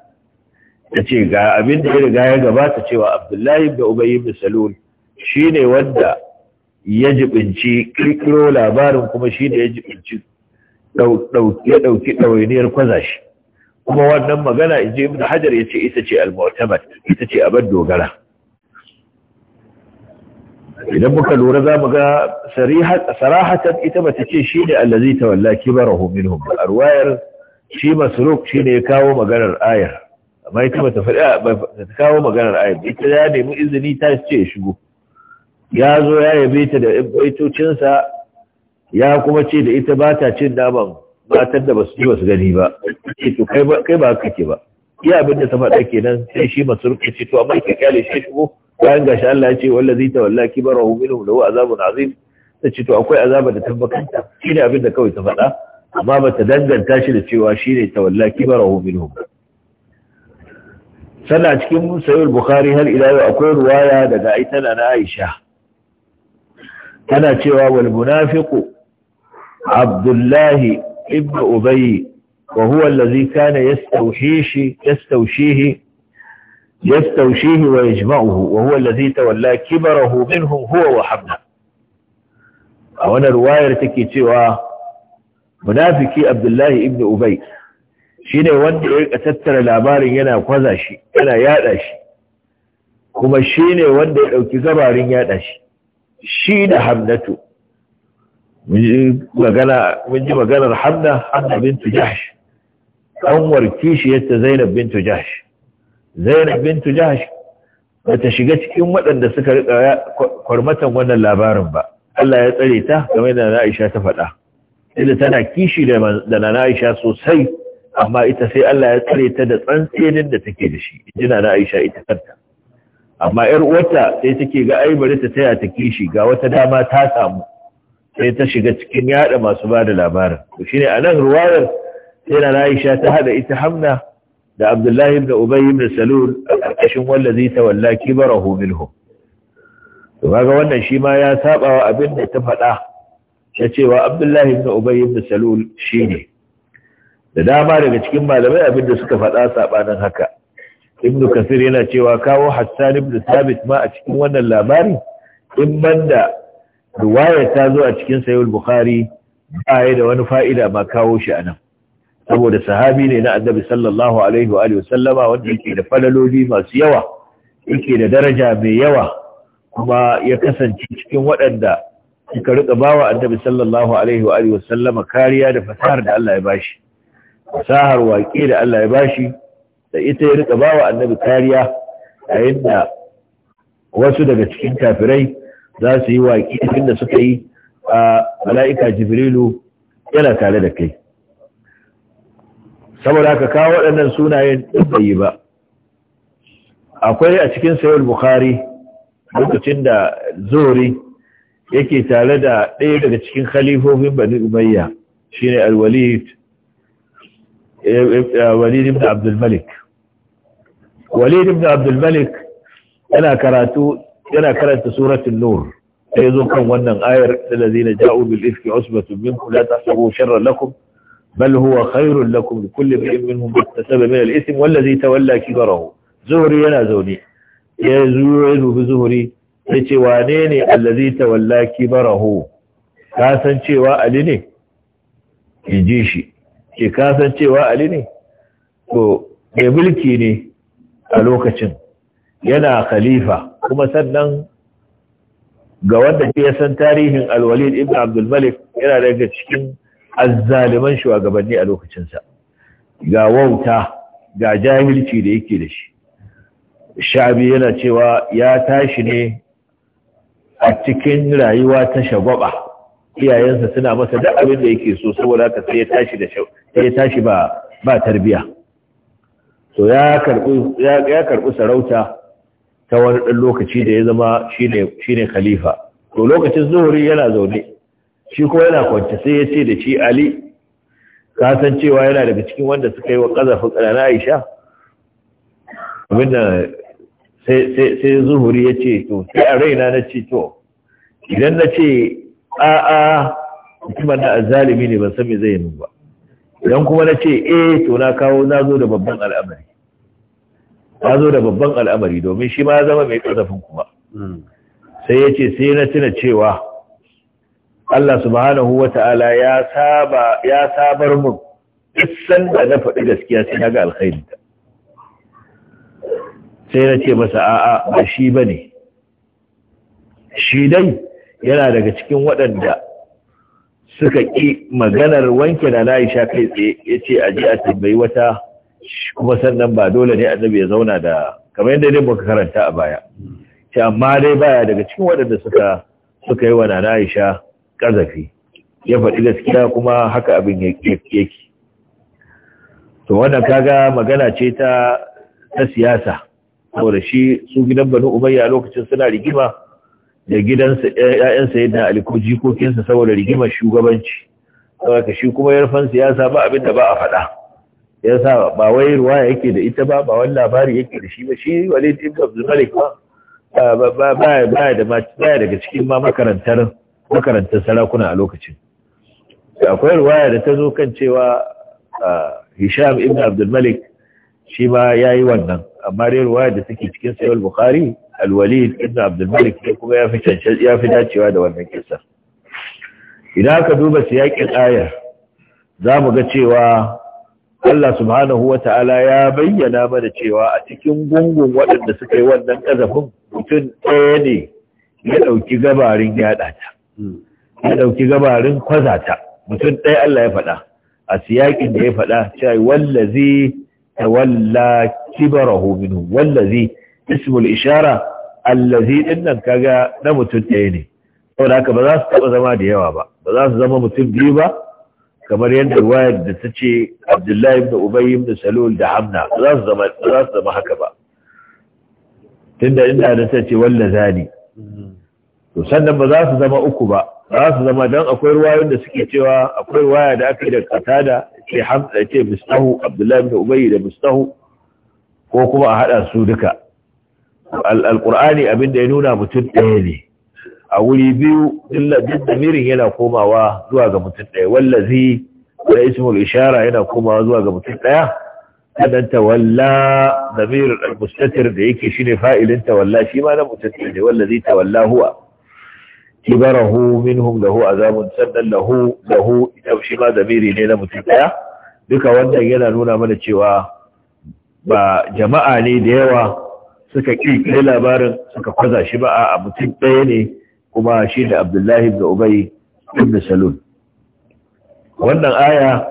yace ga abin da ya riga ya gabata cewa abdullahi ibn ubay ibn salul shine wanda ya jibinci kirkiro labarin kuma shine ya jibinci ya dauki dawainiyar kwazashi kuma wannan magana ibn hajar yace ita ce al-mu'tamad ita ce abad dogara idan muka lura za mu ga sarahatan ita ba ta ce shi ne allazi ta walla kibarahu minhum a ruwayar shi masruk shi ne ya kawo maganar ayar amma ita ba faɗi ba ta kawo maganar ayar ita ya nemi izini ta ce ya shigo ya zo ya yabe ta da baitocinsa ya kuma ce da ita ba ta cin naman matar da ba su ji ba su gani ba Ita kai ba kake ba iya abin da ta faɗa kenan sai shi masu ya ce to amma ka kyale shi ko bayan gashi Allah ya ce wallazi tawalla kibarahu minhum lahu azabun azim ta ce to akwai azaba da tabbakanta shine abin da kawai ta faɗa amma ba ta danganta shi da cewa shine tawalla kibarahu minhum sannan cikin sahih bukhari har ila yau akwai ruwaya daga aitana na Aisha tana cewa wal munafiqu Abdullahi ibn ubayy wa huwa allazi kana yastawhishi yastawshihi yastawshihi wa yajma'uhu wa huwa allazi tawalla kibarahu minhum huwa wa habna a wannan ruwayar take cewa Munafuki abdullahi ibn ubay shine wanda ya rika tattara labarin yana kwaza shi yana yada shi kuma shine wanda ya ɗauki gabarin yada shi shi da hamnatu mun ji maganar hamna hamna bintu kanwar kishiyarta Zainab bintu Jahsh Zainab bintu Jahsh bata shiga cikin waɗanda suka riƙa kwarmatan wannan labarin ba Allah ya tsare ta game da Aisha ta faɗa ita tana kishi da Nana Aisha sosai amma ita sai Allah ya tsare ta da tsantsenin da take da shi jina na Aisha ita kanta amma ‘yar uwarta sai take ga ai bari ta taya ta kishi ga wata dama ta samu sai ta shiga cikin yada masu ba da labarin to shi ne a ruwayar sai na Aisha ta hada ita Hamna da Abdullahi ibn Ubay da Salul a ƙarƙashin wallazi tawalla kibarahu minhum to kaga wannan shi ma ya saba wa abin da ta faɗa ta cewa Abdullahi ibn Ubay da Salul shine da dama daga cikin malamai abin da suka faɗa sabanin haka Ibn kasir yana cewa kawo Hassan ibn ma a cikin wannan labari in banda riwaya ta zo a cikin Sahih Bukhari ba da wani fa'ida ma kawo shi anan saboda sahabi ne na annabi sallallahu alaihi wa alihi wasallama wanda yake da falaloli masu yawa yake da daraja mai yawa kuma ya kasance cikin waɗanda suka rika bawa annabi sallallahu alaihi wa alihi wasallama kariya da fasahar da Allah ya bashi fasahar waƙe da Allah ya bashi da ita ya rika bawa annabi kariya yayin da wasu daga cikin kafirai za su yi waƙe inda suka yi a mala'ika jibrilu yana tare da kai saboda ka kawo waɗannan sunayen bai yi ba akwai a cikin sayar bukari lokacin da zori yake tare da ɗaya daga cikin khalifofin bani umayya shine al-walid ibn eh, abdul eh, walid ibn abdul yana karatu yana karanta suratul nur sai zo kan wannan ayar da lazina ja'u bil ifki usbatun minkum la tahsabu sharran lakum بل هو خير لكم لكل امرئ منهم ما اكتسب من الاثم والذي تولى كبره زهري yana zaune ya zuwa dubi zuhuri yace wane ne allazi tawalla kibarahu ka san ali ne inji shi ke ka ali ne to mai mulki ne a lokacin yana khalifa kuma sannan ga wanda ke san tarihin alwalid ibnu abdul malik yana daga cikin azzaliman shugabanni a lokacinsa ga wauta ga jahilci da yake da shi shabi yana cewa ya tashi ne a cikin rayuwa ta shagwaba iyayensa suna masa duk abin da yake so saboda haka sai ya tashi da sai ya tashi ba ba tarbiya to ya karbu ya karbu sarauta ta wani dan lokaci da ya zama shine shine khalifa to lokacin zuhuri yana zaune shi kuma yana kwance sai ya ce da shi ali ka san cewa yana daga cikin wanda suka yi wa ƙazafin ƙarana aisha abinda sai zuhuri ya ce to sai a raina na ce to idan na ce a'a mutumin da azalimi ne ban san me zai yi ba idan kuma na ce eh to na kawo na zo da babban al'amari na zo da babban al'amari domin shi ma ya zama mai ƙazafin kuma hmm. sai ya ce sai na tuna cewa Allah subhanahu wa ta'ala ya sabar mun isan da na faɗi gaskiya sai na ga alkhairinta sai na ce masa a'a ba shi ba ne shi dai yana daga cikin waɗanda suka ƙi maganar wanke Nana Aisha kai tsaye ya ce a ji a tambayi wata kuma sannan ba dole ne annabi ya zauna da kamar yadda dai muka karanta a baya ce amma dai baya daga cikin waɗanda suka suka yi wa Aisha ƙazafi ya faɗi gaskiya kuma haka abin yake to wannan kaga magana ce ta ta siyasa saboda shi su gidan banu umayya a lokacin suna rigima da gidansa ƴaƴansa yadda ali ko jikokinsa saboda rigimar shugabanci saboda shi kuma yarfan siyasa ba abin da ba a faɗa yasa ba wai ruwa yake da ita ba ba wani labari yake da shi ba shi walid ibn abdul malik ba ba ba ba da daga cikin ma makarantar makarantar sarakuna a lokacin akwai ruwaya da ta zo kan cewa hisham ibn abdulmalik shi ma ya yi wannan amma dai ruwaya da suke cikin sayar Bukhari, alwalid ibn abdulmalik ne kuma ya fi dacewa da wannan kisa idan aka duba su siyakin ayar za mu ga cewa Allah subhanahu wa ta'ala ya bayyana mana cewa a cikin gungun waɗanda suka yi wannan ƙazafin mutum ɗaya ne ya ɗauki gabarin yaɗa ta. ya ɗauki gabarin kwazata mutum ɗaya Allah ya faɗa a siyakin da ya faɗa cewa wallazi walla kibarahu minhu wallazi ismul ishara allazi dinnan kaga na mutum ɗaya ne saboda haka ba za su taɓa zama da yawa ba ba za su zama mutum biyu ba kamar yadda ruwayar da ta ce abdullahi da ubayy da salul da hamna ba za su zama haka ba tunda inda da ta ce wallazani to sannan ba za su zama uku ba za su zama don akwai ruwayoyin da suke cewa akwai ruwaya da aka yi da katada ce hamza ce mustahu abdullahi ibn ubayy da mustahu ko kuma a hada su duka alqur'ani abin da ya nuna mutum ɗaya ne a wuri biyu duk mirin yana komawa zuwa ga mutum ɗaya wallazi da ismul ishara yana komawa zuwa ga mutum ɗaya sannan tawalla damirin al-mustatir da yake shine fa'ilin tawalla shi ma na mutum ɗaya ne wallazi tawalla huwa kibarahu minhum lahu azabun sannan lahu lahu shi ma zamiri ne na mutum daya duka wannan yana nuna mana cewa ba jama'a ne da yawa suka kai labarin suka kwaza shi ba a mutum daya ne kuma shi da abdullahi ibn ubay ibn salul wannan aya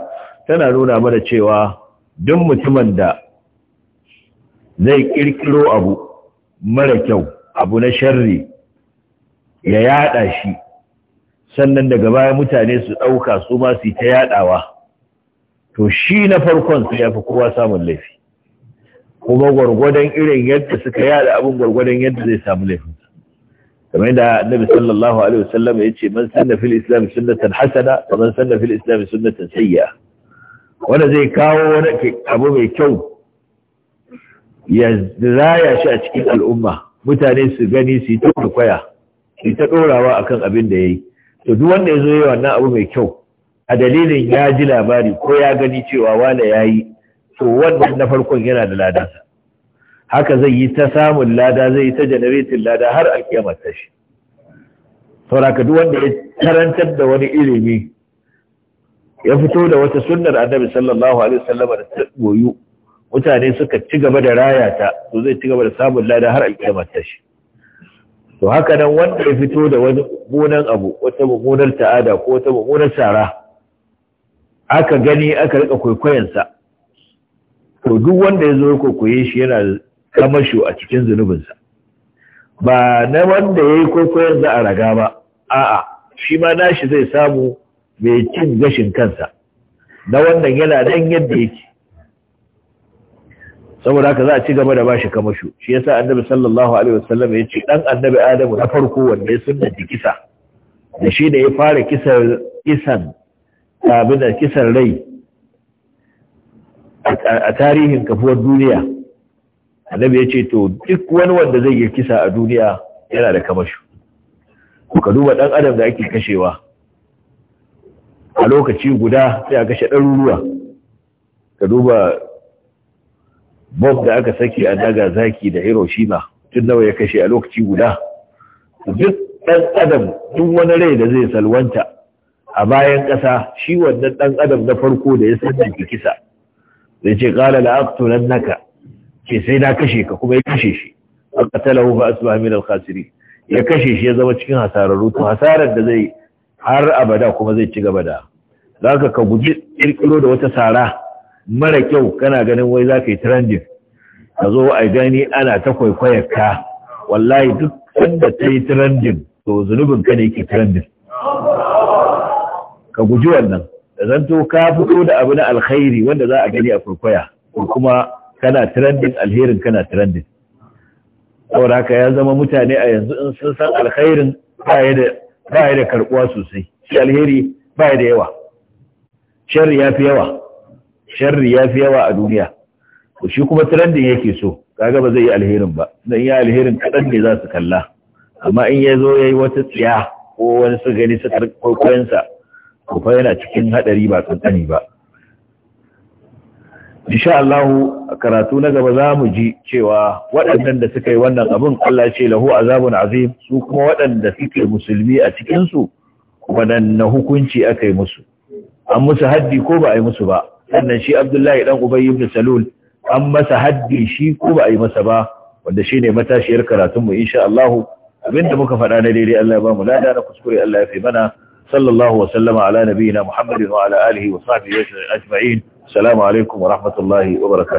tana nuna mana cewa duk mutumin da zai kirkiro abu mara kyau abu na sharri ya yada shi sannan daga baya mutane su ɗauka su ma su ta yadawa to shi na farkon sai ya fi kowa samun laifi kuma gwargwadon irin yadda suka yada abin gwargwadon yadda zai samu laifin kamar da annabi sallallahu alaihi wasallam ya ce man sanna fil islam sunnatan hasana wa man sanna fil islam sunnatan Sayya. wanda zai kawo wani abu mai kyau ya zaya shi a cikin al'umma mutane su gani su yi ta kwaya shi ta ɗorawa a kan abin da ya yi to duk wanda ya zo yi wannan abu mai kyau a dalilin ya ji labari ko ya gani cewa wala ya yi to wannan na farkon yana da lada. haka zai yi ta samun lada zai yi ta janaretin lada har alkiyamar ta shi sauraka duk wanda ya karantar da wani ilimi ya fito da wata sunnar annabi sallallahu alaihi wasallam da ta goyu mutane suka ci gaba da rayata to zai ci gaba da samun lada har a ta shi to haka nan wanda ya fito da wani mummunan abu wata mummunar ta'ada ko wata mummunar sara aka gani aka rika kwaikwayonsa, to duk wanda ya zo kwaikwaye shi yana kamasho a cikin zunubinsa ba na wanda ya yi kwaikwayon za a raga ba a'a shi ma nashi zai samu mai cin gashin kansa na wannan yana nan yadda yake saboda haka za a ci gaba da bashi kamashu shi yasa annabi sallallahu alaihi wasallam ya ce dan annabi adamu na farko wanda ya sunna kisa da shi da ya fara kisar kisan abin da kisan rai a tarihin kafuwar duniya annabi ya ce to duk wani wanda zai yi kisa a duniya yana da kamasho ka duba dan adam da ake kashewa a lokaci guda sai a kashe ɗaruruwa ka duba bob da aka saki a daga zaki da hiroshima tun nawa ya kashe a lokaci guda duk ɗan adam duk wani rai da zai salwanta a bayan ƙasa shi wannan ɗan adam na farko da ya sanya kisa zai ce la aqtulan naka Ke sai na kashe ka kuma ya kashe shi an qatalahu fa asbaha min al khasiri ya kashe shi ya zama cikin hasararru to hasarar da zai har abada kuma zai ci gaba da zaka ka guji kirkiro da wata sara mara kyau kana ganin wai za ka yi trending ka zo a gani ana ta kwaikwayar ka wallahi duk inda ta yi trending to zunubin ka ne yake trending ka guji wannan da zanto ka fito da abu na alkhairi wanda za a gani a kwaikwaya ko kuma kana trending alherin kana trending saboda haka ya zama mutane a yanzu in sun san alkhairin ba ya da karbuwa sosai shi alheri ba ya da yawa shari ya fi yawa sharri ya fi yawa a duniya to shi kuma trendin yake so kaga ba zai yi alherin ba dan ya alherin kadan ne za su kalla amma in ya zo yayi wata tsiya ko wani su gani su kwaikwayon sa ko fa yana cikin hadari ba tsantsani ba insha Allah a karatu na gaba zamu ji cewa waɗannan da suka yi wannan abin Allah ce lahu azabun azim su kuma waɗanda suke musulmi a cikin su waɗanne hukunci aka yi musu an musu haddi ko ba a yi musu ba sannan shi abdullahi dan ubayy ibn salul an masa haddi shi ko ba a yi masa ba wanda shine matashiyar karatun mu insha Allah abinda muka faɗa na daidai Allah ya ba mu lada na kuskure Allah ya fi mana sallallahu wa sallama ala nabiyina Muhammadin wa ala alihi wa sahbihi ajma'in assalamu alaikum wa rahmatullahi wa barakatuh